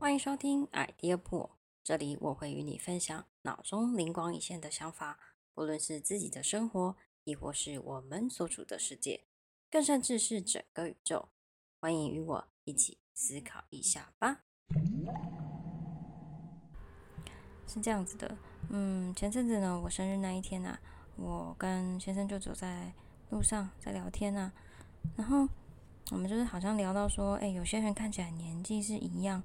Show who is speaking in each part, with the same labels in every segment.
Speaker 1: 歡迎收聽《Fourth Idea》，這裡我會與你分享腦中靈光一現的想法，無論是自己的生活，亦或是我們所處的世界，更甚至是整個宇宙。歡迎與我一起思考一下吧。是這樣子的，嗯，前陣子呢，我生日那一天啊，我跟先生就走在路上，在聊天呢、啊，然後我們就是好像聊到說，哎，有些人看起來年紀是一樣。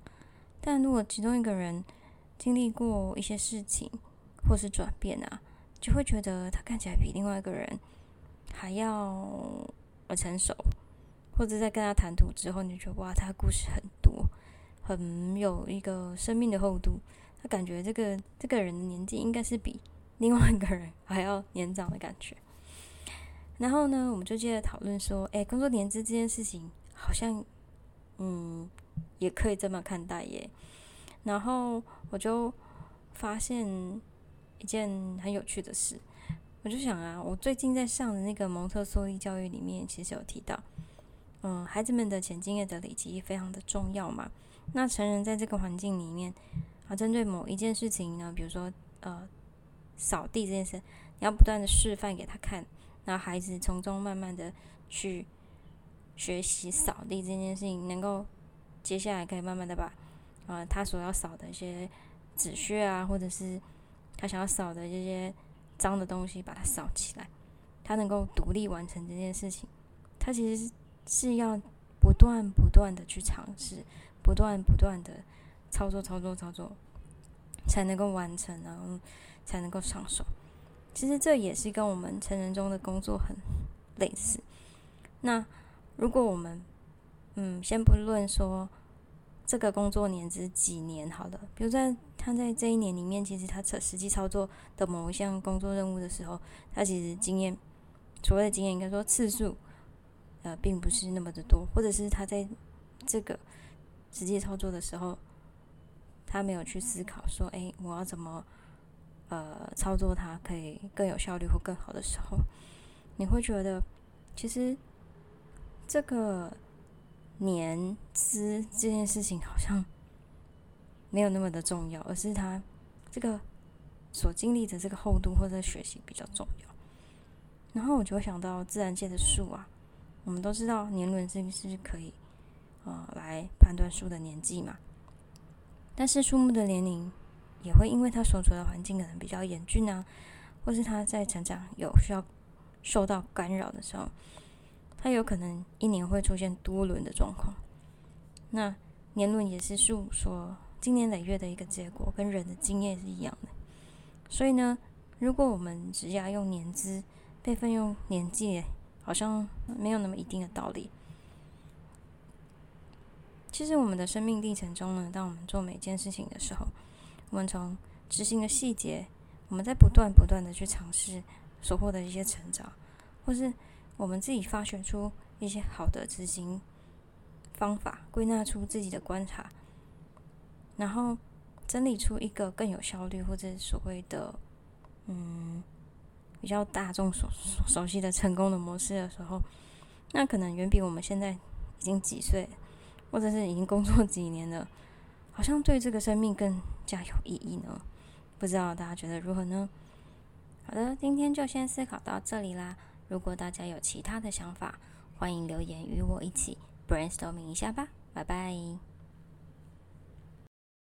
Speaker 1: 但如果其中一個人經歷過一些事情或是轉變啊，就會覺得他看起來比另外一個人還要呃成熟，或者在跟他談吐之後，你就覺得哇，他故事很多，很有一個生命的厚度。他感覺這個這個人的年紀應該是比另外一個人還要年長的感覺。然後呢，我們就接着討論說，誒、哎，工作年資這件事情好像，嗯。也可以這麼看待耶。然後我就發現一件很有趣的事，我就想啊，我最近在上的那個蒙特梭利教育裡面，其實有提到，嗯，孩子們的前經驗的累積非常的重要嘛。那成人在這個環境裡面啊，針對某一件事情呢，比如說呃掃地這件事，你要不斷的示範給他看，那孩子從中慢慢的去學習掃地這件事情，能夠。接下來可以慢慢的把，啊、呃，他所要掃的一些紙屑啊，或者是他想要掃的這些髒的東西，把它掃起來。他能夠獨立完成這件事情，他其實是，是要不斷不斷的去嘗試，不斷不斷的操作操作操作，才能夠完成，然後才能夠上手。其實這也是跟我們成人中的工作很類似。那如果我們嗯，先不論說這個工作年資幾年好了，比如在他在這一年裡面，其實他實際操作的某一項工作任務的時候，他其實經驗，所謂的經驗應該說次數，呃，並不是那麼的多，或者是他在這個實際操作的時候，他沒有去思考說，哎、欸，我要怎麼呃操作它可以更有效率或更好的時候，你會覺得其實這個。年資這件事情好像沒有那麼的重要，而是他這個所經歷的這個厚度或者學習比較重要。然後我就會想到自然界的樹啊，我們都知道年輪是不是可以呃來判斷樹的年紀嘛？但是樹木的年齡也會因為它所處的環境可能比較嚴峻啊，或是它在成長有需要受到干擾的時候。它有可能一年會出現多輪的狀況，那年輪也是述說經年累月的一個結果，跟人的經驗是一樣的。所以呢，如果我們職涯用年資，輩份用年紀，好像沒有那麼一定的道理。其實我們的生命歷程中呢，當我們做每件事情的時候，我們從執行的細節，我們在不斷不斷的去嘗試，所獲得的一些成長，或是。我們自己發掘出一些好的執行方法，歸納出自己的觀察，然後整理出一個更有效率或者所謂的嗯比較大眾所，所熟悉的成功的模式的時候，那可能遠比我們現在已經幾歲，或者是已經工作幾年了，好像對這個生命更加有意義呢？不知道大家覺得如何呢？好的，今天就先思考到這裡啦。如果大家有其他的想法，歡迎留言與我一起 brainstorming 一下吧，拜拜。